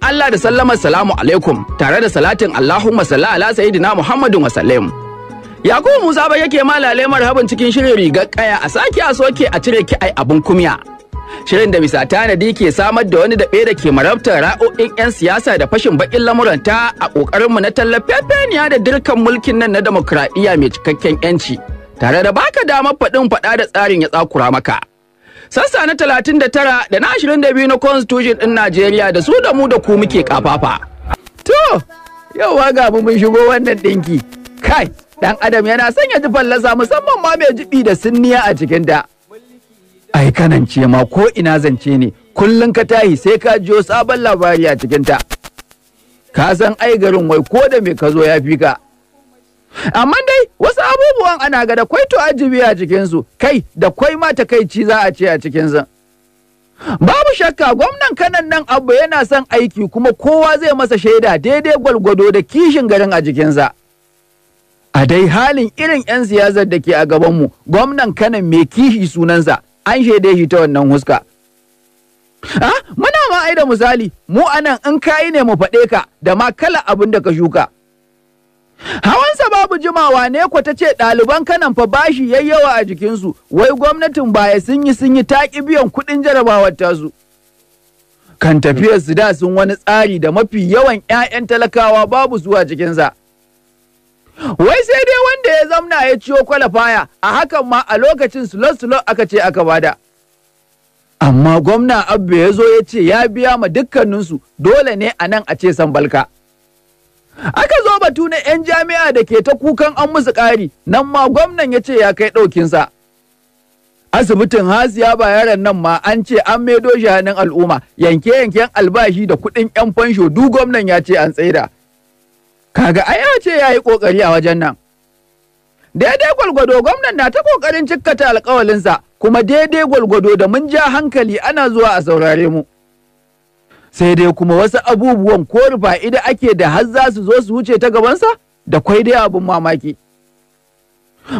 Allah da sallamar salamu alaikum tare da salatin Allahumma salli ala sayyidina Muhammadu wa sallam. Yakubu Musa ba yake malale marhaban cikin shirin rigar kaya a sake a soke a cire ki ai abun kumya. Shirin da bisa tanadi ke samar da wani daɓe da ke marabtar ra'o'in 'yan siyasa da fashin baƙin lamuranta a ƙoƙarinmu na tallafefeniya da dirkan mulkin nan na demokuraɗiyya mai cikakken 'yanci. Tare da baka damar faɗin faɗa da tsarin ya tsakura maka. sassa na 39 da na 22 na constitution ɗin Najeriya da su da mu da ku muke kafafa. To, yauwa ga mu mun shigo wannan ɗinki. Kai, ɗan Adam yana son ya ji fallasa musamman ma mai jibi da sinniya a cikin da. Ai kanance ma ko ina zance ne, kullum ka tahi sai ka jiyo sabon labari a cikin ta. Ka san ai garin wai ko da me ka zo ya fi ka. amma dai wasu abubuwan ana ga da kwai to ajibi a cikinsu kai da kwai ma takaici za a ce a cikinsu babu shakka gwamnan kanan nan abu yana son aiki kuma kowa zai masa shaida daidai gwalgwado da kishin garin a jikinsa a dai halin irin 'yan siyasar da ke a gabanmu gwamnan kanan mai kishi sunansa an shaida shi ta wannan huska ah, muna ma da misali mu anan in kayi ne mu faɗe ka da ma kala abin da ka shuka hawan hawansa babu jimawa ne ko ta ce ɗaliban kanan fa bashi yayyawa a jikinsu wai gwamnatin baya sun yi sun yi taƙi biyan kuɗin jarabawar tasu. Kan tafiyar su da sun wani tsari da mafi yawan 'ya'yan talakawa babu zuwa jikinsa. Wai sai dai wanda ya zamna ya ciyo kwalafaya a hakan ma a lokacin sulo-sulo aka ce aka bada. Amma gwamna Abba ya zo ya ce ya biya ma dukkaninsu dole ne anan a ce san balka. Aka zo batu na 'yan jami'a da ke ta kukan an musu ƙari, nan ma gwamnan ya ce ya kai ɗaukinsa. Asibitin Hasiya ba yaran nan ma an ce an maido shi hannun al'umma, yanke-yanken albashi da kuɗin 'yan fansho duk gwamnan ya ce an tsaida. Kaga ai ya ce ya yi ƙoƙari a wajen nan. Daidai gwalgwado gwamnan na ta ƙoƙarin cikkata alƙawalinsa, kuma daidai gwalgwado da mun ja hankali ana zuwa a saurare mu. sai dai kuma wasu abubuwan ko rufa idan ake da har za su zo su wuce ta gabansa da kwai dai abin mamaki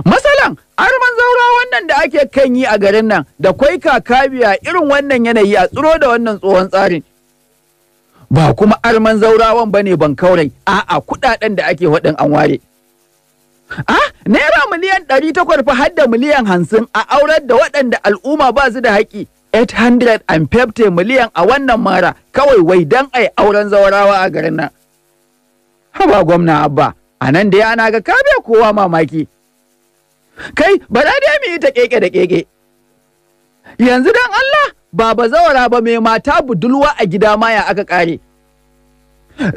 masalan arman zaura wannan da ake kan yi a garin nan da kwai kakabiya irin wannan yanayi a tsiro da wannan tsohon tsarin ba kuma arman zaurawan bane ban kaurai a'a kudaden da ake waɗin an ware Ah, naira miliyan ɗari takwas fa har miliyan hamsin a aurar da waɗanda al'umma ba su da haƙƙi 850 miliyan a wannan mara kawai wai dan ai auren zawarawa a garin nan. Haba gwamna abba, a nan da ana ga kabe kowa mamaki. Kai, ba da mu yi ta keke da keke. Yanzu dan Allah, ba ba zawara ba mai mata budulwa a gida maya aka kare.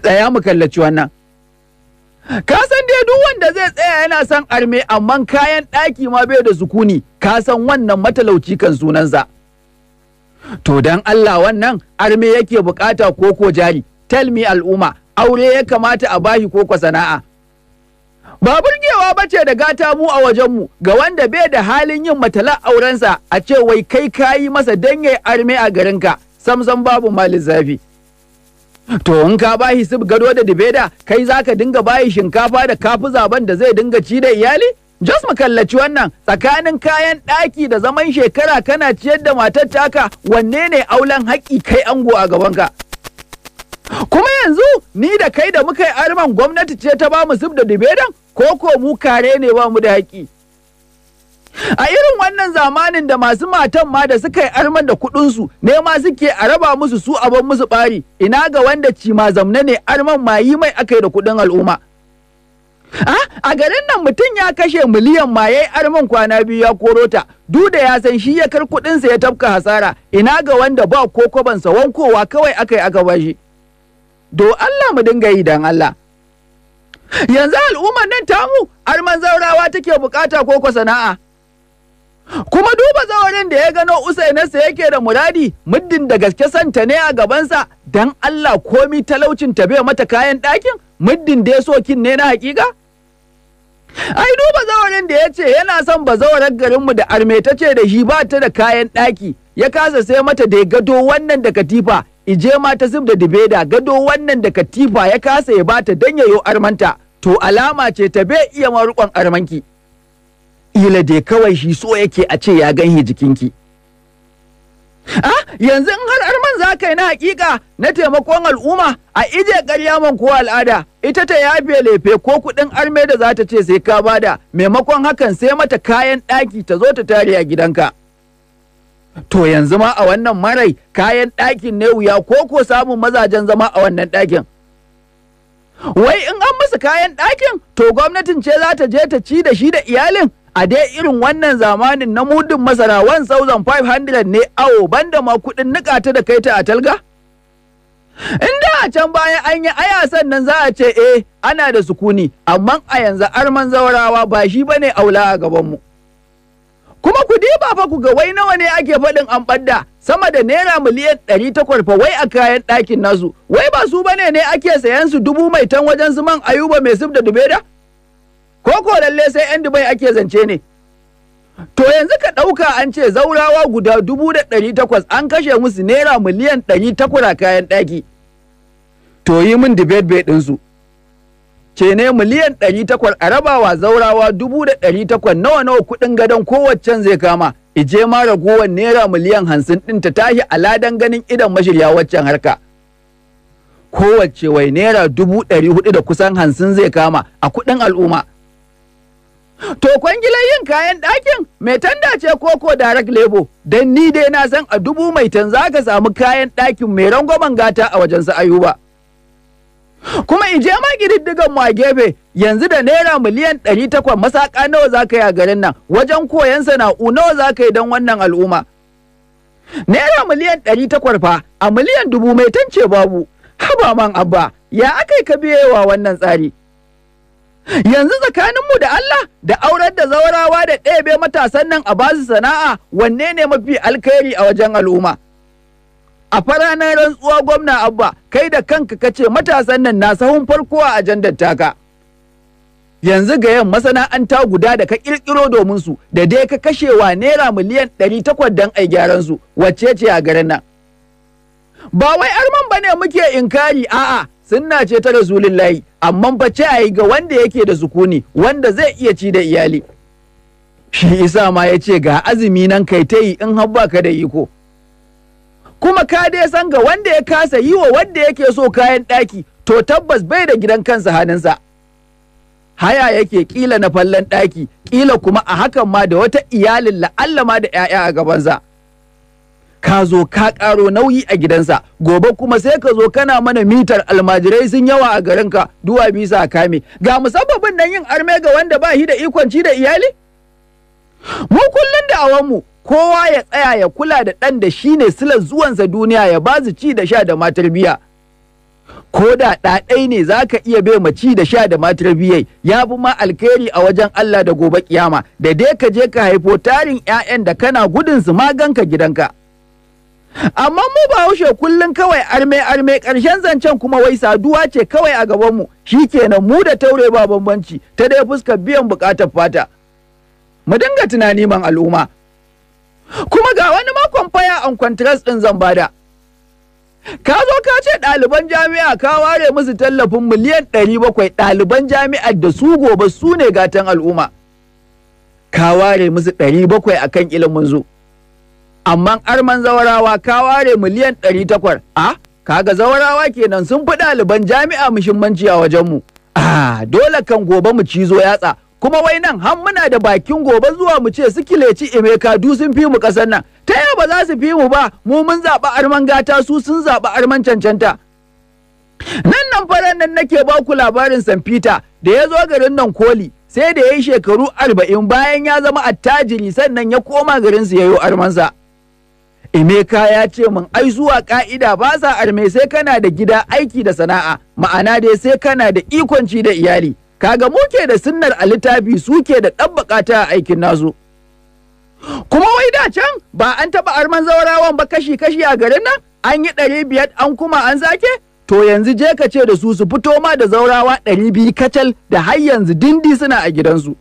Tsaya mu kallaci wannan. Ka san dai duk wanda zai tsaya yana son arme amma kayan ɗaki ma bai da sukuni, ka san wannan matalauci kan sunansa. to dan Allah wannan arme yake bukata ko ko jari tell me al'umma aure ya kamata a bashi ko ko sana'a ba burgewa ba ce da gata mu a wajenmu ga wanda bai da halin yin matala aurensa a ce wai kai kayi masa dan arme a garin garinka samsam babu mali zafi to in ka bashi sub gado da dibeda kai zaka dinga bashi shinkafa da kafi zaben da zai dinga ci da iyali Jos mu kallaci wannan tsakanin kayan ɗaki da zaman shekara kana ciyar da matar taka wanne ne aulen haƙƙi kai ango a gabanka. Kuma yanzu ni da kai da muka yi arman gwamnati ce ta ba mu zub da dibedan ko ko mu kare ne ba mu da haƙƙi. A irin wannan zamanin da masu matan ma da suka yi arman da kuɗinsu ne ma suke a raba musu su abin musu ɓari ina ga wanda cima zamne ne arman ma mai akai da kuɗin al'umma. Ah, a garin nan mutum ya kashe miliyan ma yayi armin kwana biyu ya koro ta duda ya san shi ya kar kuɗinsa ya tafka hasara ina ga wanda ba ko sa wankowa kawai aka yi aka bashi do Allah mu dinga yi dan Allah yanzu al'ummar nan tamu arman zaurawa take bukata ko sana'a kuma duba zawarin da ya gano usainarsa yake da muradi muddin da gaske santa ne a gabansa dan Allah komi talaucin ta bai mata kayan ɗakin muddin da ya sokin ne na hakika ai bazawarin zawarin da ya ce yana son bazawarar garinmu da arme ce da shi ba ta da kayan ɗaki ya kasa sai mata da gado wannan da katifa ije ma ta zub da dibeda gado wannan da katifa ya kasa ya bata dan yayo armanta to alama ce ta bai iya marukon armanki ila dai kawai shi so yake a ce ya ganhi jikinki Ah, yanzu in har arman za ka yi na hakika na taimakon al'umma a ije karya man ko al'ada ita ta yafe lefe ko kuɗin arme da za ta ce sai ka ba da maimakon hakan sai mata kayan ɗaki ta zo ta tare a gidanka. To yanzu ma a wannan marai kayan ɗakin ne wuya ko ko samun mazajen zama a wannan ɗakin. Wai in an masa kayan ɗakin to gwamnatin ce za ta je ta ci da shi da iyalin a dai irin wannan zamanin na mudun masara 1500 ne awo banda ma kuɗin nika ta da kai ta a talga? Inda a can baya an yi aya sannan za a ce eh ana da sukuni amma a yanzu arman zaurawa ba shi bane aula a gabanmu. Kuma ku diba fa ku ga wai nawa ne ake faɗin an ɓadda sama da naira miliyan ɗari takwas fa wai a kayan ɗakin nasu wai ba su bane ne ake sayan su dubu mai tan wajen su man ayuba mai sub da dubeda? lalle sai 'yan Dubai ake zance ne. To yanzu ka ɗauka an ce zaurawa guda dubu da ɗari takwas an kashe musu naira miliyan ɗari a kayan ɗaki. To yi min debate bai ɗinsu. Ke ne miliyan ɗari takwas a rabawa zaurawa dubu da ɗari takwas nawa nawa kuɗin gadon kowaccen zai kama. Ije ma ragowar naira miliyan hamsin ɗin ta tahi a ladan ganin idan mashirya waccan harka. Kowace wai naira dubu ɗari hudu da kusan hamsin zai kama a kuɗin al'umma. To kwangilan yin kayan ɗakin mai tanda ce koko direct lebo don ni dai na san a dubu mai tan za ka samu kayan ɗakin mai rangwamen gata a wajen su ayuba. Kuma in je ma ƙididdigan mu a gefe yanzu da naira miliyan ɗari takwas masaka nawa za ka yi a garin nan wajen koyan sana'u nawa za ka yi don wannan al'umma. Naira miliyan ɗari takwas fa a miliyan dubu mai ce babu. Haba man abba ya aka yi ka biyewa wannan tsari. yanzu tsakaninmu da Allah da aurar da zawarawa da ɗebe matasan nan a basu sana'a wanne ne mafi alkhairi a wajen al'umma a faranar rantsuwa gwamna abba kai da kanka ka ce matasan nan na sahun farko a ajandar taka yanzu ga yin masana'anta guda da ka ƙirƙiro domin su da dai ka kashewa naira miliyan ɗari takwas don ai gyaran su wacce ce a garin nan ba wai arman ne muke inkari a'a sunna ce ta rasulillahi amma fa ce a yi ga wanda yake da sukuni wanda zai iya ci da iyali shi isa ma ya ce ga azumi nan kai ta yi in habba ka da iko kuma ka dai san ga wanda ya kasa yi wa wanda yake so kayan ɗaki to tabbas bai da gidan kansa hannunsa haya yake kila na fallon ɗaki kila kuma a hakan ma da wata iyalin la'allama da 'ya'ya a gabansa ka zo ka ƙaro nauyi a gidansa gobe kuma sai ka zo kana mana mitar almajirai sun yawa a garinka duwa bisa kame ga musabbabin nan yin arme ga wanda ba shi da ikon ci da iyali mu kullun da mu, kowa ya tsaya ya kula da ɗan da shi ne silar zuwansa duniya ya ba ci da sha da matarbiya ko da ɗaɗai ne za ka iya bai ci da sha da matar ya fi ma alkhairi a wajen Allah da gobe kiyama da dai ka je ka haifo tarin 'ya'yan da kana gudun su maganka gidanka amma mu ba wushe kullum kawai arme arme ƙarshen zancen kuma wai saduwa ce kawai a gaban gabanmu kenan mu da taure ba bambanci ta dai fuskar biyan buƙatar fata mu dinga tunani man al'umma kuma ga wani makon faya an contrast ɗin zan bada ka zo ka ce ɗaliban jami'a ka ware musu tallafin miliyan ɗari bakwai ɗaliban jami'ar da su gobe su ne gatan al'umma ka ware musu ɗari bakwai akan ilimin zuwa amma arman zawarawa ka ware miliyan ɗari takwar a kaga zawarawa kenan sun fi ɗaliban jami'a muhimmanci a wajenmu a dole kan gobe mu cizo yatsa kuma wai nan har muna da bakin gobe zuwa mu ce su kileci emeka du sun fi mu kasan nan ta yau ba za su fi mu ba mu mun zaɓi arman gata su sun zaɓi arman cancanta nan nan faran nan nake ba ku labarin san peter da ya zo garin nan koli sai da ya yi shekaru arba'in bayan ya zama attajiri sannan ya koma garinsu su yayo armansa Emeka ya ce min ai zuwa ka'ida ba sa arme sai kana da gida aiki da sana'a ma'ana dai sai kana da ikonci da iyali kaga mu ke da sunnar a littafi su ke da ɗabbaka ta aikin nasu. Kuma wai da can ba an taɓa arman zaurawan ba kashi-kashi a garin nan an yi ɗari biyar an kuma an sake? To yanzu je ka ce da su su fito ma da zaurawa ɗari biyu kacal da har yanzu dindi suna a gidansu.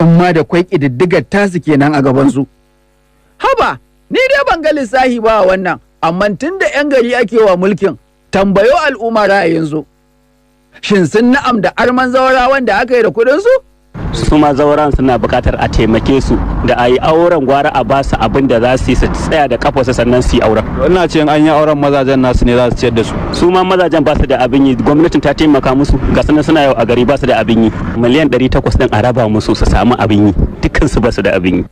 In ma da kwai ƙididdigar tasu kenan a gabansu. Haba, Ni dai ban ga lissahi ba wannan, amma tun da 'yan gari ake wa mulkin tambayo al'umma yanzu. Shin sun na'am da arman zawara wanda aka yi da kuɗinsu? su ma zauren suna buƙatar a taimake su da a yi auren gwara a basu abin da za su yi su tsaya da kafarsa sannan su yi auren. ina ce an yi auren mazajen nasu ne za su ciyar da su. su ma mazajen ba su da abin yi gwamnatin ta taimaka musu ga sanan suna yau a gari ba su da abin yi miliyan ɗari takwas ɗin a raba musu su samu abin yi dukkan su ba su da abin yi.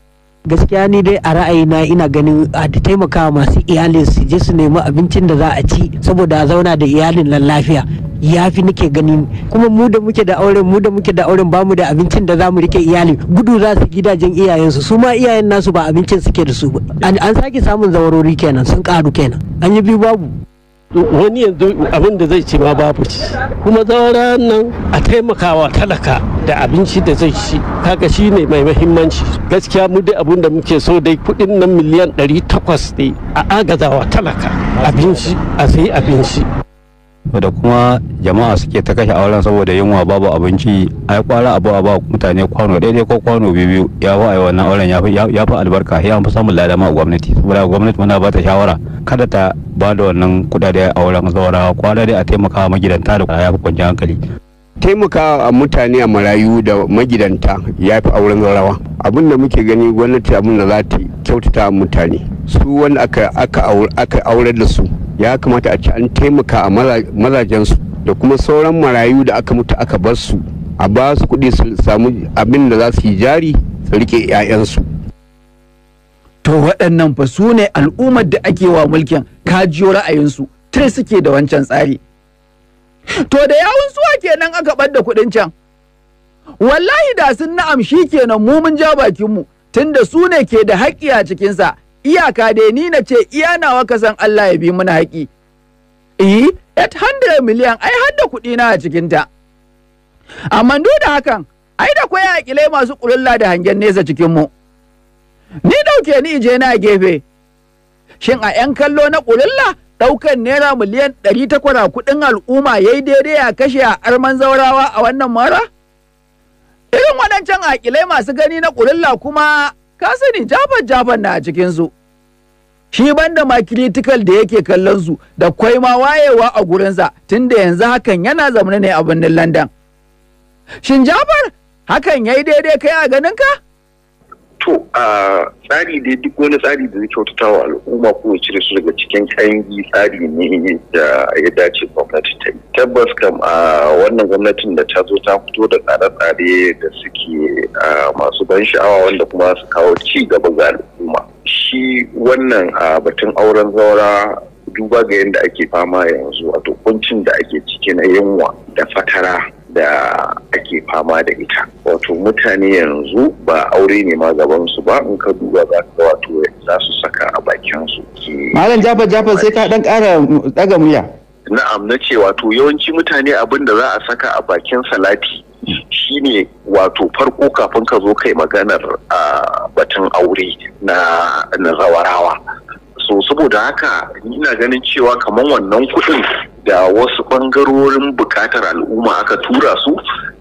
gaskiya ni dai a ra'ayi na ina ganin a da taimakawa masu iyalin su je su nemi abincin da za a ci saboda a zauna da iyalin nan lafiya ya fi nake ganin kuma mu da muke da auren mu da muke da auren bamu da abincin da za mu rike iyali gudu za su gidajen iyayensu su ma iyayen nasu ba abincin suke da su ba an sake samun zawarori kenan sun karu kenan an yi biyu babu wani yanzu abin da zai ci ma babu ci kuma zaura nan a taimakawa talaka da abinci da zai ci kaga shi ne mai mahimmanci gaskiya mu dai abin da muke so dai kudin nan miliyan 800 ne a agazawa talaka abinci a sayi abinci da kuma jama'a suke ta kashe auren saboda yunwa babu abinci ai kwara abu a ba mutane kwano daidai ko kwano biyu biyu ya fi ai wannan auren ya fi albarka ya fi samun ladama a gwamnati saboda gwamnati muna ba ta shawara kada ta ba da wannan kudade a auren zaura kwara dai a taimaka magidanta da ya fi kwanciyar hankali taimaka a mutane a marayu da magidanta ya fi auren zaurawa abin da muke gani gwamnati abin da za ta kyautata mutane su wanda aka aure da su ya kamata a ci an taimaka a mazajensu da kuma sauran marayu da aka mutu aka bar su a ba su kuɗi su samu abin da za su yi jari su riƙe 'ya'yansu. To waɗannan fa su ne al'ummar da ake wa mulkin kajiyo ra'ayinsu tun suke da wancan tsari. To da yawun suwa kenan aka ɓar da kuɗin can. Wallahi da sun na'am shi kenan mu mun ja bakinmu tunda su ne ke da haƙƙi a cikinsa iyaka dai ni na ce iya nawa ka san Allah ya bi mana haƙi eh 800 miliyan ai har kuɗi na a cikin ta amma duk da hakan ai da kwai aƙilai masu kurulla da hangen nesa cikin mu ni dauke ni je na gefe shin a 'yan kallo na kurulla ɗaukan naira miliyan ɗari takwara kuɗin al'umma ya yi daidai a kashe a arman zaurawa a wannan mara? Irin waɗancan aƙilai masu gani na ƙulilla kuma ka sani jafan jafan na a cikinsu. shi banda ma critical da yake kallon su da kwai ma wayewa a gurinsa tunda yanzu hakan yana zamana ne a birnin London shin Jafar hakan yayi daidai kai a ganin ka to a tsari da duk wani tsari da zai kyautata wa al'umma ko ya cire su daga cikin kangi tsari ne da ya dace gwamnati ta yi tabbas kam a wannan gwamnatin da ta zo ta fito da tsare-tsare da suke masu ban sha'awa wanda kuma su kawo ci gaba ga al'umma shi wannan a batun auren zaura duba ga yadda ake fama yanzu wato kuncin da ake ciki na yunwa da fatara da ake fama da ita wato mutane yanzu ba aure ne ma gabansu ba in ka duba za ka wato za su saka a bakinsu malam jafar jafar sai ka dan kara daga muya na'am na ce wato yawanci mutane abin da za a saka a bakin salati shine wato farko kafin ka zo kai maganar a batun aure na na zawarawa so saboda haka ina ganin cewa kamar wannan kuɗin da wasu ɓangarorin bukatar al'umma aka tura su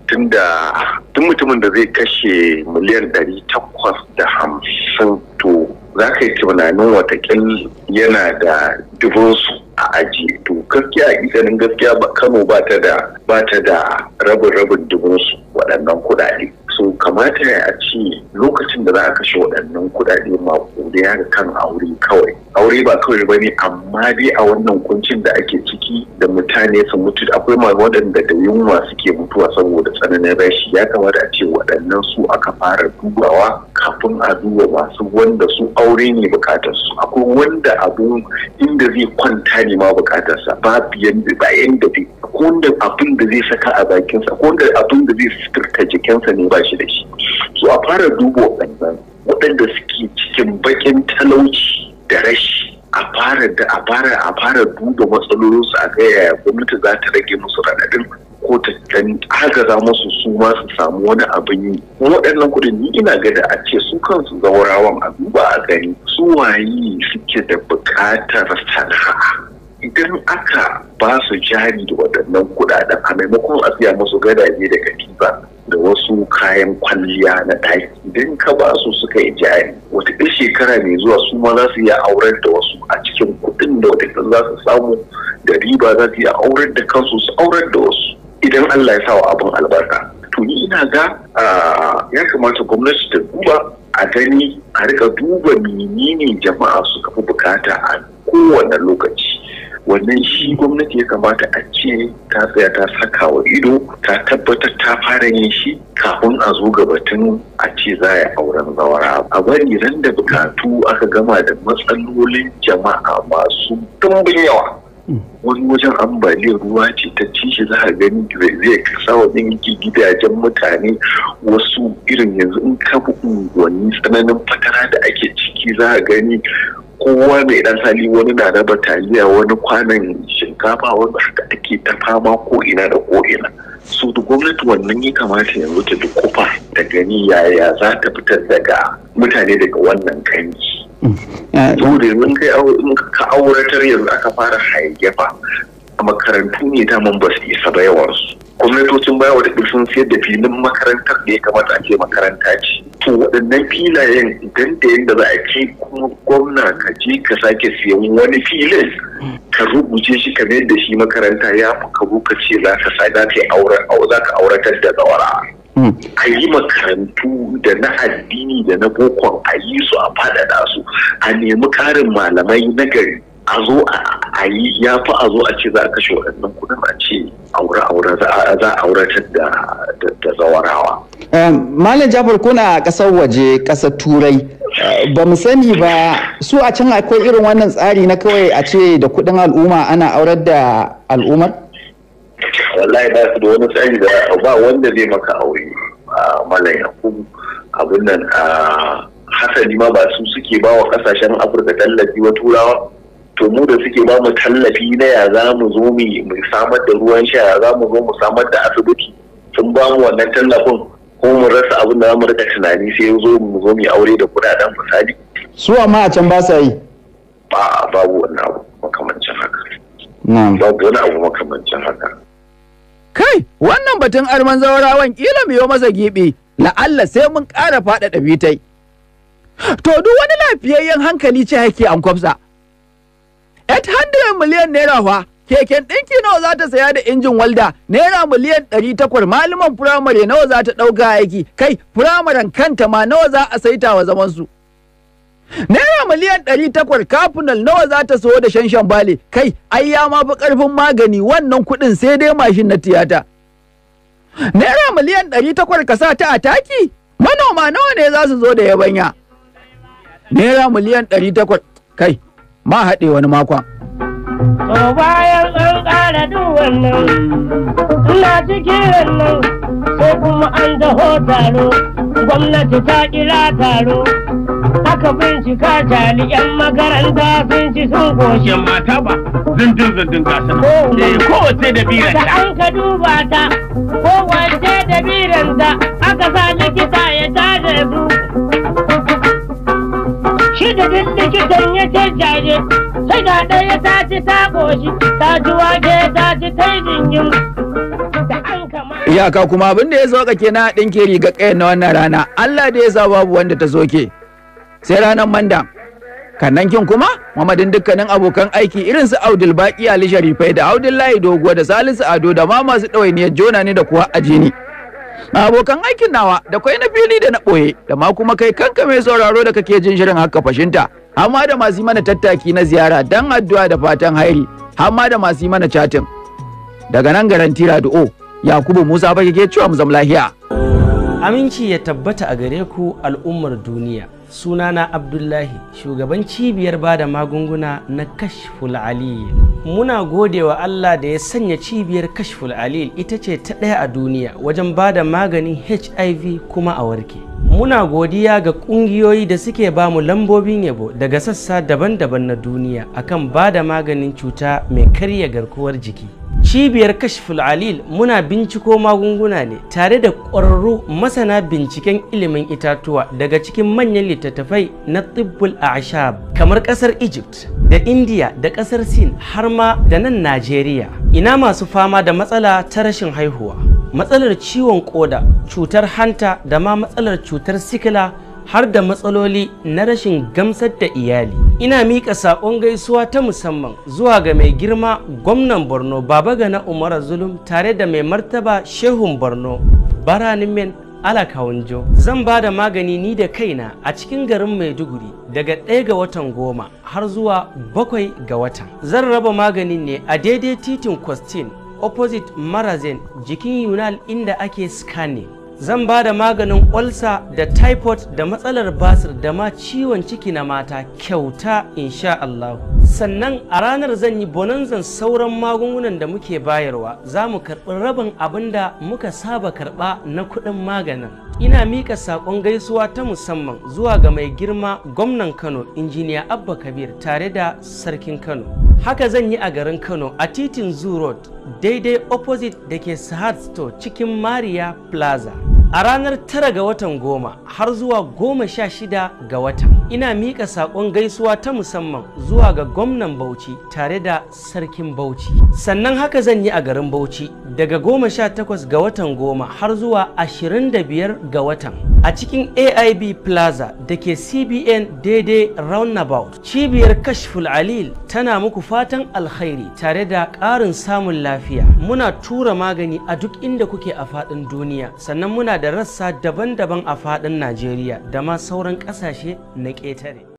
tunda tun mutumin da zai kashe miliyan ɗari takwas da hamsin to za ka yi tunanin watakil yana da dubinsu a ajiye gaskiya a ikanin gaskiya kano ba ta da ba ta da rabin rabin dubunsu waɗannan kuɗaɗe so kamata ya ce lokacin da za a kashe waɗannan kuɗaɗe maƙudai ga kan aure kawai aure ba kawai ba ne amma dai a wannan kuncin da ake ciki da mutane su mutu akwai ma waɗanda da yunwa suke mutuwa saboda tsananin rashi ya kamata a ce waɗannan su aka fara dubawa kafin a duba masu wanda su aure ne bukatarsu akwai wanda abu inda zai kwanta ne ma bukatarsa ba da ba yanda da akwai abin da zai saka a bakinsa akwai wanda abin da zai suturta jikinsa ne ba shi da shi so a fara duba waɗannan waɗanda suke cikin bakin talauci da rashi a fara da a fara a fara duba matsalolinsu a ga yaya gwamnati za ta rage musu raɗaɗin ko ta agaza musu su ma su samu wani abin yi waɗannan kudin ni ina gada a ce su kansu zaurawan a duba a gani su waye suke da buƙatar sana'a idan aka ba su jari da waɗannan kuɗaɗen a maimakon a siya musu gadaje da katifa da wasu kayan kwalliya na ɗaki idan ka ba su suka yi jari wata shekara mai zuwa su ma za su iya aurar da wasu a cikin kuɗin da wata za su samu da riba za su iya aurar da kansu su aurar da wasu idan Allah ya sa wa abin albarka to ni ina ga ya kamata gwamnati ta duba a gani a rika duba menene jama'a suka fi bukata a kowane lokaci wannan shi gwamnati ya kamata a ce ta tsaya ta saka wa ido ta tabbatar ta fara yin shi kafin a zo gabatun a ce za a auren zawara a bari ran da bukatu aka gama da matsalolin jama'a masu ɗumbin yawa wani wajen ambaliyar ruwa ce ta ci shi za a gani zai kasa wajen yake gidajen mutane wasu irin yanzu in kafi unguwanni tsananin fatara da ake ciki za a gani kowa mai dan hali wani na da bataliya wani kwanan shinkafa wanda haka ake ta fama ko ina da ko ina so da gwamnati wannan ya kamata yanzu ta dukufa ta gani yaya za ta fitar daga mutane daga wannan kanki saboda mun kai ka auratar yanzu aka fara hayayyafa a makarantu ne ta ba su isa da yawansu gwamnatocin baya wadda sun siyar da filin makarantar da ya kamata a makaranta ce to waɗannan filayen idan da yadda za a ce kuma gwamna ka je ka sake siyan wani filin ka rubuce shi ka mayar da shi makaranta ya fi ka ka ce za ka sa za ka auratar da zawara Hmm. a yi makarantu da na addini da na bokon a yi su a faɗaɗa su a nemi karin malamai na gari a zo a yi ya fi a zo a ce za a kashe waɗannan kudin a ce aure za a auratar da zawarawa. Um, Malam Jafar kuna a ƙasar waje ƙasar Turai ba mu sani ba su a can akwai irin wannan tsari na kawai a ce da kuɗin al'umma ana aurar da al'ummar? wallahi ba su da wani tsari da ba wanda zai maka aure a ah, malayin hukum abin nan a ah, hasali ma ba su suke ba wa kasashen afirka tallafi wa turawa to mu da suke ba mu tallafi na ya za mu zo mu samar da ruwan sha ya za mu zo mu samar da asibiti sun ba mu wannan tallafin ko mu rasa abin da mu rika tunani sai zo mu zo mu aure da kudaden misali su amma a can ba sa yi ba babu wannan abu makamancin haka babu wani abu makamancin haka Kai, wannan batun arman zaurawan kila mu yi masa giɓi, la'alla sai mun ƙara faɗaɗa bitai. To duk wani lafiyayyen hankali ce yake an kwafsa. 800 miliyan naira fa keken ɗinki nawa za ta saya da injin walda naira miliyan 800 malaman firamare nawa za ta ɗauka aiki kai firamaren kanta ma nawa za a saita wa zaman su Naira miliyan ɗari takwar kafinal nawa za ta so da shanshan bale kai ai ya ma fi ƙarfin magani wannan kuɗin sai dai mashin na tiyata. Naira miliyan ɗari takwar ka sa ta a taki manoma nawa ne za su zo da yabanya. Naira miliyan ɗari takwar kai ma haɗe wani makon. To bayan an ƙara ina cikin wannan kuma an taho taro gwamnati ta kira taro ka bincika jami'an makaranta sun ci sun koshi. mata ba zindin zindin gasa ko eh, Kowace da biran Da an ka duba ta kowace da biran ta aka sa likita ya tada su. Shida din likitan ya jaje sai da ɗaya ta ci ta koshi ta ji wake ta ci ta jingin. Iyaka kuma abin da ya sauka kenan na ɗinke riga kayan na wannan rana Allah da ya sa babu wanda ta ke. sai ranar manda kannan kin kuma mamadin dukkanin abokan aiki irin su audul baki ali sharifai da audul layi doguwa da salisu ado da ma masu ɗawainiyar jona ne da kuwa a ajini abokan aikin nawa da kwai na fili da na ɓoye da ma kuma kai kanka mai sauraro da kake jin shirin haka fashinta amma da masu mana tattaki na ziyara dan addu'a da fatan hairi amma da masu mana chatin daga nan garanti o yakubu musa fa ke cewa mu zam lahiya aminci ya tabbata a gare ku al'ummar duniya sunana abdullahi shugaban cibiyar bada magunguna na kashful alil muna godewa allah da ya sanya cibiyar kashful alil ita ce ta ɗaya a duniya wajen ba da maganin hiv kuma a warke muna godiya ga kungiyoyi da suke ba mu lambobin yabo daga sassa daban-daban na duniya akan ba da maganin cuta mai karya garkuwar jiki cibiyar kashful alil muna binciko magunguna ne tare da ƙwararru masana binciken ilimin itatuwa daga cikin manyan littattafai na a ashab kamar ƙasar egypt da india da ƙasar sin har ma da nan najeriya ina masu fama da matsala ta rashin haihuwa matsalar ciwon koda cutar hanta da ma matsalar cutar sikila har da matsaloli na rashin gamsar da iyali ina miƙa saƙon gaisuwa ta musamman zuwa ga mai girma gwamnan borno baba gana umara zulum tare da mai martaba shehun borno baranin men alakawunjo zan ba da magani ni da kaina a cikin garin maiduguri daga ɗaya ga watan goma har zuwa bakwai ga watan zan raba maganin ne a daidai titin kwastin opposite marazin jikin yunal inda ake scanning zan ba da maganin olsa da typhoid da matsalar basir da ma ciwon ciki na mata kyauta insha Allah. sannan a ranar zan yi bonanzan sauran magungunan da muke bayarwa za mu karɓi rabin abin da muka saba karɓa na kuɗin maganin ina miƙa saƙon gaisuwa ta musamman zuwa ga mai girma gwamnan kano injiniya abba kabir tare da sarkin kano haka zan yi a garin kano a titin zoo road daidai opposite da ke sahad store cikin mariya plaza a ranar tara ga watan goma har zuwa goma sha shida ga watan ina miƙa saƙon gaisuwa ta musamman zuwa ga gwamnan Bauchi tare da sarkin Bauchi. Sannan haka zan yi a garin Bauchi daga goma sha takwas ga watan goma har zuwa ashirin da biyar ga watan. A cikin AIB Plaza da ke CBN daidai Roundabout, cibiyar Kashful Alil tana muku fatan alkhairi tare da ƙarin samun lafiya. Muna tura magani a duk inda kuke a faɗin duniya, sannan muna da rassa daban-daban a faɗin Najeriya da ma sauran ƙasashe na ƙetare